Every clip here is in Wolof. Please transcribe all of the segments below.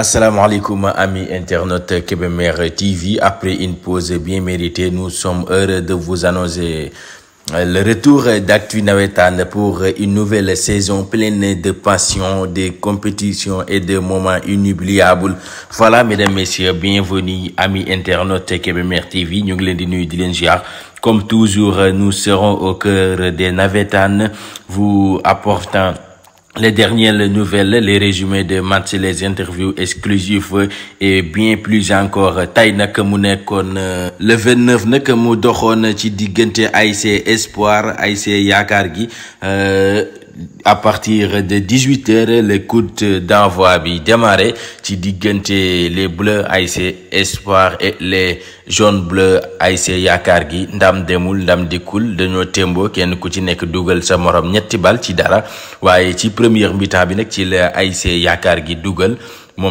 Assalamualaikum amis internautes Kebemer TV. Après une pause bien méritée, nous sommes heureux de vous annoncer le retour d'Actu Navetan pour une nouvelle saison pleine de passion, de compétitions et de moments inoubliables. Voilà, mesdames, messieurs, bienvenue, amis internautes Kebemer TV. Nous Comme toujours, nous serons au cœur des Navetan, vous apportant les dernières nouvelles, les résumés de matchs, les interviews exclusives et bien plus encore Taïna nag mu le 29 nag mu doxoon ci Espoir ASC yakargi. Euh, à partir de 18h le coup d'envoi a démarré ci que les bleus aIC Espoir et les jaunes bleus ASC yakargi. Dame ndam Demoul, ndam de de témboo kenn ku ci dame sa morom ñetti bal ci dara ci première mi-temps la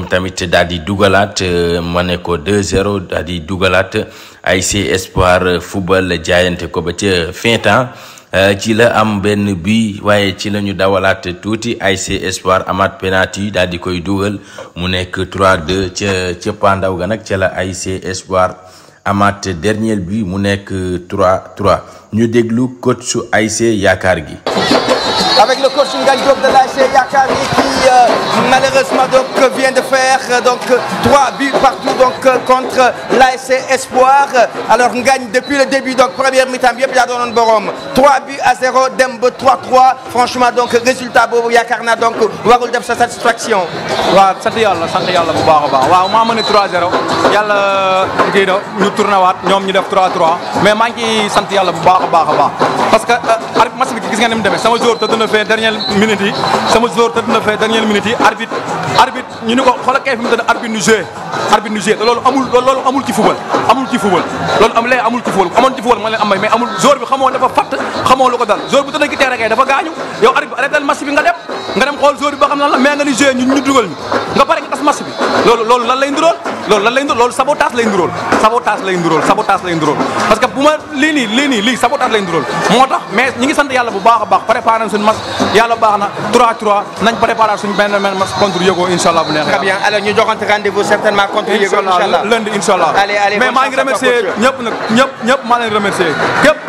tamit dadi Dougalat, 2-0 euh, dadi Dougalat Espoir football giant. ko fin Euh, ci la am benn bi waaye ci lañu ñu dawalaat tuuti ASC Espoir amaat penalty daal di koy dugal mu nekk 3-2 ca ca pandaw ga nag ca la ASC Espoir amaat dernielle bi mu nekk 3-3 ñu déglu coach su ASC yaakaar gi. avec le coaching Diop de l'AC Yakari qui euh, malheureusement donc, vient de faire euh, donc, 3 buts partout donc, euh, contre l'AC Espoir. Alors on gagne depuis le début, donc première mi-temps, bien le Borom. 3 buts à 0, Dembe 3-3. Franchement donc résultat beau Yakarna donc warul def sa satisfaction. waaw sant sant bu a baax waaw maa 3-0 yàlla kii ñu tourné waat ñu 3-3 mais je suis sant yàlla parce que euh, arbitre match bi gis nga ni mu sama jour tëdd na fee dernière minute sama jour tëdd na fee dernière minute yi ñu ni ko xoolal kay fi mu tëdd nu joué arbitre nu joué te amul jour bi xamoo dafa fatt xamoo lu dal jour bu tëdd ci terrain kay dafa gaañu yow arbitre arrêté match nga dem nga dem xool jour bi ba xam lan la mais nga ni joué ñu ñu dugal ñu nga pare nga tas match bi loolu loolu lan loolu lan lay nduróol loolu sabotage lay nduróol sabotage parce que bu ma lii lii nii lii sabotage lay moo tax mais ñi ngi sant bu baax a baax préparé nañ suñu match yàlla baax na 3 3 nañ préparé suñu benn benn match contre Yogo incha bu neexee très bien alors ñu joxante rendez-vous certainement contre Yogo maa ngi remercier ñëpp nag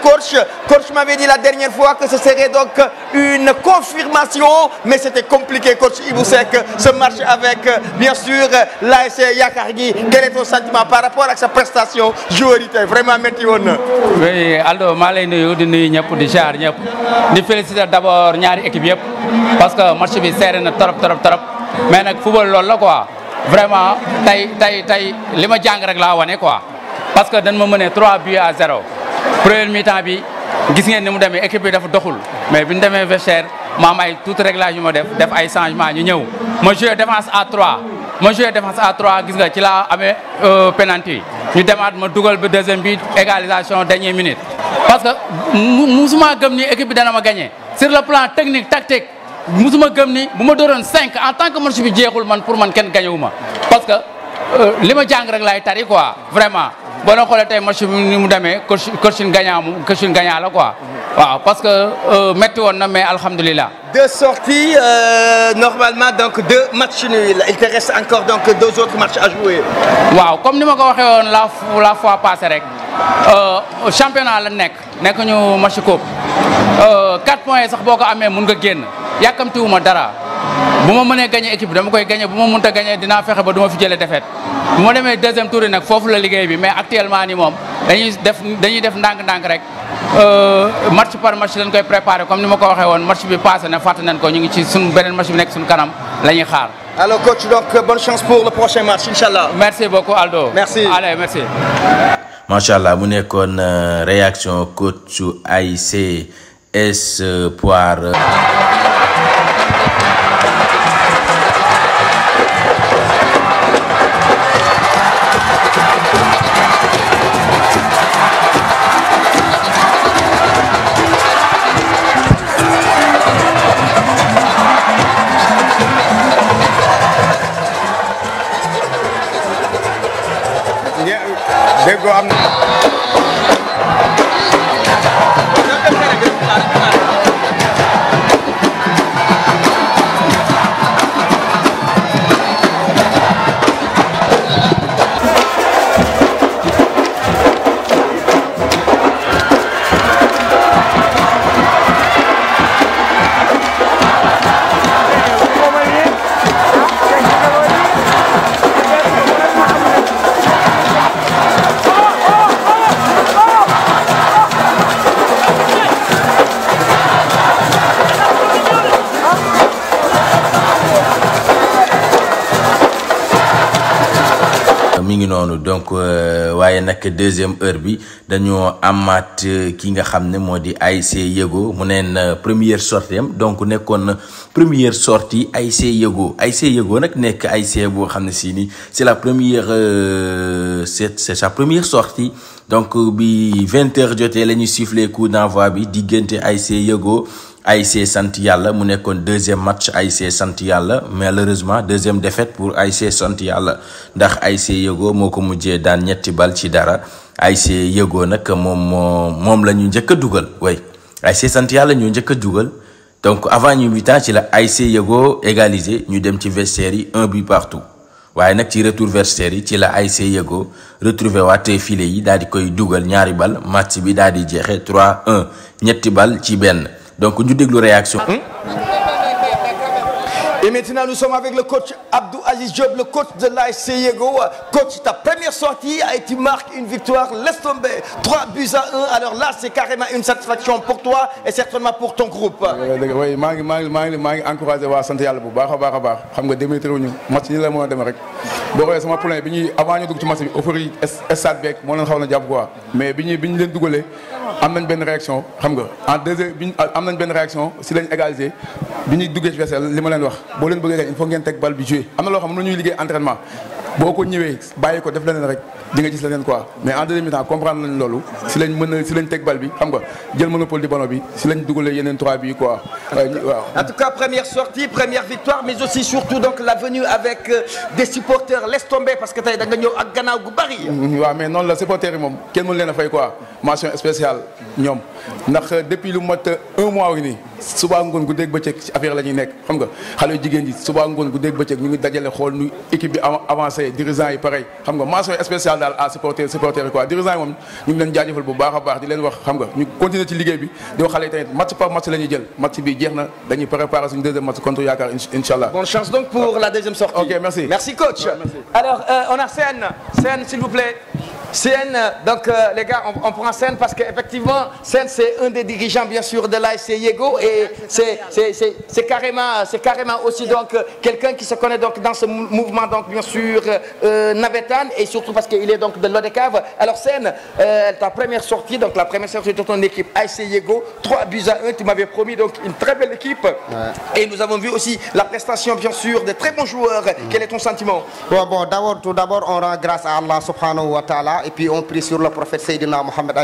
coach. m'avait dit la dernière fois que ce serait donc une confirmation, mais c'était compliqué, coach Iboussek, ce match avec, bien sûr, l'ASC Yakargi. Quel est ton sentiment par rapport à sa prestation était Vraiment, merci. Oui, Aldo, je suis très heureux di féliciter d'abord ñaari équipe yëpp parce que match bi serré na trop trop trop mais le football loolu la quoi vraiment tay, tay, tay, li ma jàng rek quoi parce que dañ ma mënee 3 buts à 0 première mi-temps bi gis ngeen ni mu démé équipe bi dafa doxul mais bi démé vestiaire ma am ay tout réglage yu ma def def ay changement ñu ñëw ma jouer défense à 3 ma jouer défense à 3 gis nga ci la amé euh penalty ñu démat ma dougal bi deuxième bi égalisation dernière minute. parce que musuma gëm ni équipe bi dana ma gagner sur le plan technique tactique musuma gëm ni buma doron 5 en tant que match bi jéxul man pour man ken gagné wu ma parce que euh, lima jang rek lay tari quoi vraiment boo noo xoolee tey match ni mu demee coach coach gagnant mu coach gagnant là quoi. waaw parce que euh, métti woon na mais alhamdulilah. deux sorties euh, normalement donc deux matchs nuls il te reste encore donc deux autres matchs à jouer. waaw comme ni ma ko waxee woon la la fois passée rek euh, championnat la nec nekk ñu match coupe euh, quatre points sax boo ko amee mun y'a génn yàkkamtiwuma dara bu ma gagner gagné équipe dama koy gagné bu ma gagner gagné dinaa fexe ba du fi jëlee défaite bu ma demee deuxième tour yi nag foofu la liggéey bi mais actuellement ni moom dañuy def dañuy def ndànk-ndànk rek euh, match par match lañ koy préparé comme ni ma ko waxee woon match bi passé na fàtte nañ ko ñu ngi ci suñ beneen match bi nekk suñ kanam la ñuy xaar. alors coach donc bonne chance pour le prochain match incha allah. merci beaucoup Aldo. merci allez merci. macha allah mu nekkoon euh, réaction coach su ASC Espoir. Euh, déggoo am na donc donc euh, waye nak deuxième heure bi dañu amat euh, ki nga xamné modi IC Yego mu neen euh, première sortie on donc con première sortie ic Yego ic Yego on nek IC bo xamné ne si ni c'est la première c'est c'est sa première sortie donc bi 20 h jotee la siffler coup d'envoi bi diggante ic Yego AIC sant mon mu nekkoon deuxième match AIC sant malheureusement deuxième défaite pour AIC sant D'ach ndax AIC Yego moo ko mujjee ñetti bal ci dara AIC Yego nag mom moo moom la ñu njëkk a dugal way AIC sant yàlla ñu donc avant ñu mi ci la AIC Yego égalisé ñu dem ci vestiaire un but partout Ouais, nag ci retour vestiaire yi ci la AIC Yego retrouvé waate filé yi daal di koy dugal ñaari bal match bi daal di 3-1 ñetti bal ci donc, nous avons réaction. Ah. Et maintenant, nous sommes avec le coach Abdou Aziz Job, le coach de l'ASC Coach, ta première sortie a été marque une victoire. Laisse tomber 3 buts à 1. Alors là, c'est carrément une satisfaction pour toi et certainement pour ton groupe. Oui, suis ngi maa ngi maa ngi encouragé waa sant yàlla bu baax a baax a baax xam nga démétré wuñu match ñi la mën a demee rek boo xoolee sama problème bi ñuy avant ñu dugg ci match bi euphorie stade beeg moo leen xaw na jàpp quoi mais bi ñu bi ñu leen dugalee réaction xam nga en deux heures bi ñu réaction si lañ égalisé bi ñuy ci vaisselle li wax boo leen bëggee gañ il faut ngeen teg bal bi jouer am na liggéey entraînement boko ñëwé bayiko def leneen rek di nga gis leneen quoi mais en deuxième temps comprendre lañ lolu si lañ mëna si lañ teg bal bi xam nga jël monopole di ballon bi si lañ dugulé yenen 3 bi quoi euh, waaw. en tout cas première sortie première victoire mais aussi surtout donc la venue avec euh, des supporters laisse tomber parce que tay da nga ñëw ak ganaw gu bari. Mm-hmm, waaw mais non la supporters mom moom kenn mënu leen fay quoi mention spéciale ñom ndax euh, depuis lu mat 1 mois wu suba ngone gu guddeeg bëccëg affaire lañuy nek xam nga xalé jigen jigéen suba ngone gu guddeeg bëccëg ñu ngi dajalé xol nu équipe bi avancé commencé dirigeant yi pareil xam nga mention spécial daal à supporter supporter quoi dirigeant yi moom ñu ngi leen jaajëfal bu baax a baax di leen wax xam nga ñu continuer ci bi di tamit match par match la ñuy jël match bi jeex na dañuy préparer suñu deuxième match contre Yakar, inshallah. bonne chance donc pour la deuxième sortie. ok merci merci coach. alors euh, on a Sen, Sen, s'il vous plaît. CN, euh, donc euh, les gars, on, prend scène parce qu'effectivement, scène c'est un des dirigeants bien sûr de l'ASC Yego et c'est carrément, euh, carrément aussi donc quelqu'un qui se connaît donc dans ce mouvement donc bien sûr Navetan et surtout parce qu'il est donc de l'Odecave. Alors scène, ta première sortie, donc la première sortie de ton équipe ASC Yego, 3 buts à 1, tu m'avais promis donc une très belle équipe et nous avons vu aussi la prestation bien sûr de très bons joueurs. Mm. Quel est ton sentiment Bon, d'abord, tout d'abord, on rend grâce à Allah subhanahu wa ta'ala et puis on prie sur le prophète Sayyidina Muhammad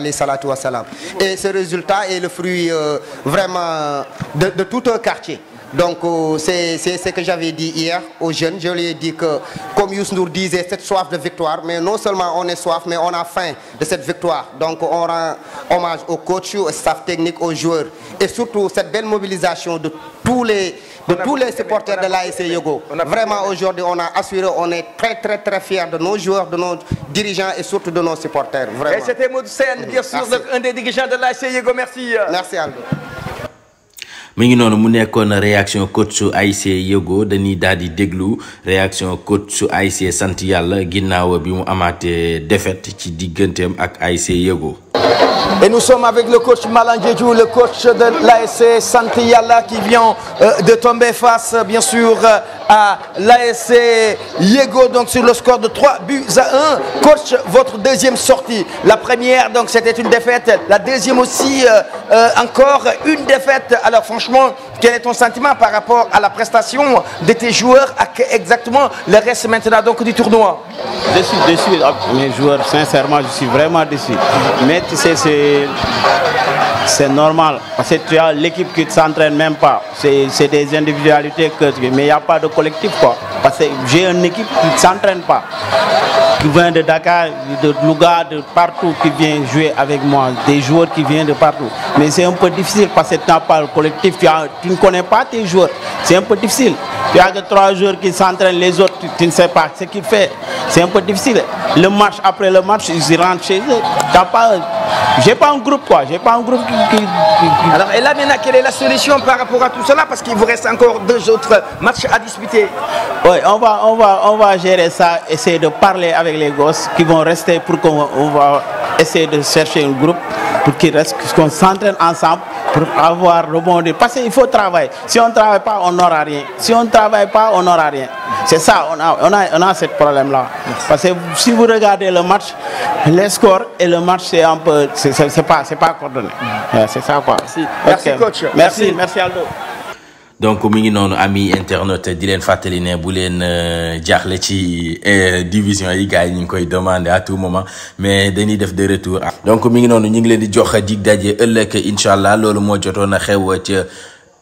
Et ce résultat est le fruit euh, vraiment de, de tout un quartier. Donc euh, c'est ce que j'avais dit hier aux jeunes. Je leur ai dit que, comme Yous nous disait, cette soif de victoire, mais non seulement on est soif, mais on a faim de cette victoire. Donc on rend hommage aux coachs, au staff techniques, aux joueurs. Et surtout cette belle mobilisation de tous les de tous les supporters de l'ASC Yogo. Vraiment, aujourd'hui, on a assuré, on est très, très, très fiers de nos joueurs, de nos dirigeants et surtout de nos supporters. Et c'était Maud bien sûr, un des dirigeants de l'ASC Yogo. Merci. Merci, Aldo mi ngi mu réaction coach su Yogo, Yégo dañuy Deglou, réaction coach su Santial, sant yàlla bi mu défaite ci digganteem ak Et nous sommes avec le coach Malangéjou, le coach de l'ASC Sant qui vient euh, de tomber face bien sûr euh, à l'ASC Yégo donc sur le score de 3 buts à 1. Coach, votre deuxième sortie. La première donc c'était une défaite, la deuxième aussi euh, euh, encore une défaite. Alors franchement, quel est ton sentiment par rapport à la prestation de tes joueurs à exactement le reste maintenant donc du tournoi Je déçu, ah, mes joueurs, sincèrement, je suis vraiment déçu. Mais tu sais, c'est normal, parce que tu as l'équipe qui ne s'entraîne même pas. C'est des individualités, que, mais il n'y a pas de collectif. Parce que j'ai une équipe qui ne s'entraîne pas qui vient de Dakar, de Louga, de partout qui vient jouer avec moi, des joueurs qui viennent de partout. Mais c'est un peu difficile parce que tu n'as pas le collectif, tu, ne connais pas tes joueurs. C'est un peu difficile. Tu as que trois joueurs qui s'entraînent, les autres, tu ne sais pas ce qu'ils font. C'est un peu difficile. Le match, après le match, ils rentrent chez eux. J'ai pas un groupe, quoi. J'ai pas un groupe qui, Alors, et là, maintenant, quelle est la solution par rapport à tout cela Parce qu'il vous reste encore deux autres matchs à disputer. Oui, on va, on va, on va gérer ça, essayer de parler avec les gosses qui vont rester pour qu'on va essayer de chercher un groupe pour qu'on s'entraîne ensemble pour avoir rebondi. Parce qu'il faut travailler. Si on ne travaille pas, on n'aura rien. Si on ne travaille pas, on n'aura rien. C'est ça, on a, on a, a ce problème-là. Parce que si vous regardez le match, les scores et le match, c'est un peu, c'est pas, pas coordonné. C'est ça quoi. Merci, coach. merci, merci Aldo. donc mi ngi noonu ami internaute di leen fàttali ne bu leen euh, jaxle ci euh, division yi gars yi ñu ngi koy demande à tout mais dañuy def de retour donc mi ngi noonu ñu ngi leen di jox dig daje ëllëg incha allah loolu moo jotoon a xew ca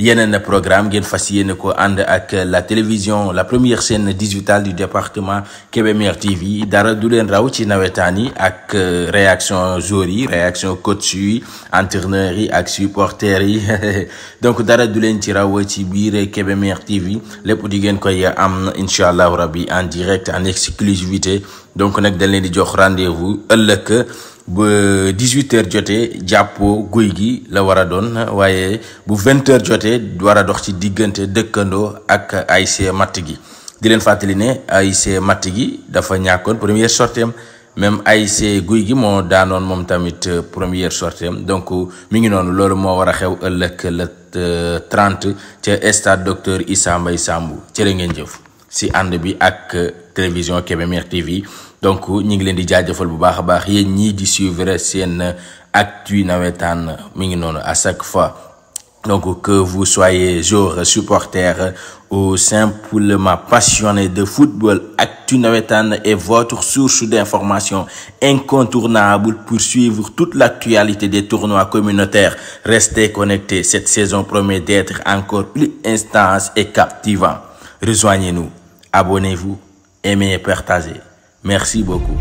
yeneen programme ngeen fas ko ànd ak la télévision la première chaîne digitale du département Kebemer TV dara du leen raw ci nawetaan ak euh, réaction joueurs yi réaction coach yi entraîneurs yi ak supporters yi donc dara du leen ci raw ci biir Kebemer TV lepp di ngeen koy am inshallah rabi rabbi en direct en exclusivité donc nak dañ leen di jox rendez-vous ëllëg ba 18h jotee jàppoo guy gi la war a doon waaye bu 20 jotee war a dox ci diggante dëkkandoo ak ay ASC matt gi di leen fàttali ne ay ASC matt gi dafa ñàkkoon première sorteem même ASC guy gi moo daanoon moom tamit première sorteem donc mi ngi noonu loolu moo war a xew ëllëg le euh, trente ca stade docteur Issa Mbaye Samb cërë ngeen jëf si ànd bi ak télévision Kébémer TV donc ñi leen di bu baax di suivre actu à chaque fois donc que vous soyez joueur supporter ou simplement passionné de football Actu Nawetaan est votre source d'information incontournable pour suivre toute l'actualité des tournois communautaires restez connecté, cette saison promet d'être encore plus intense et captivant rejoignez-nous abonnez-vous aimez et partagez Merci beaucoup.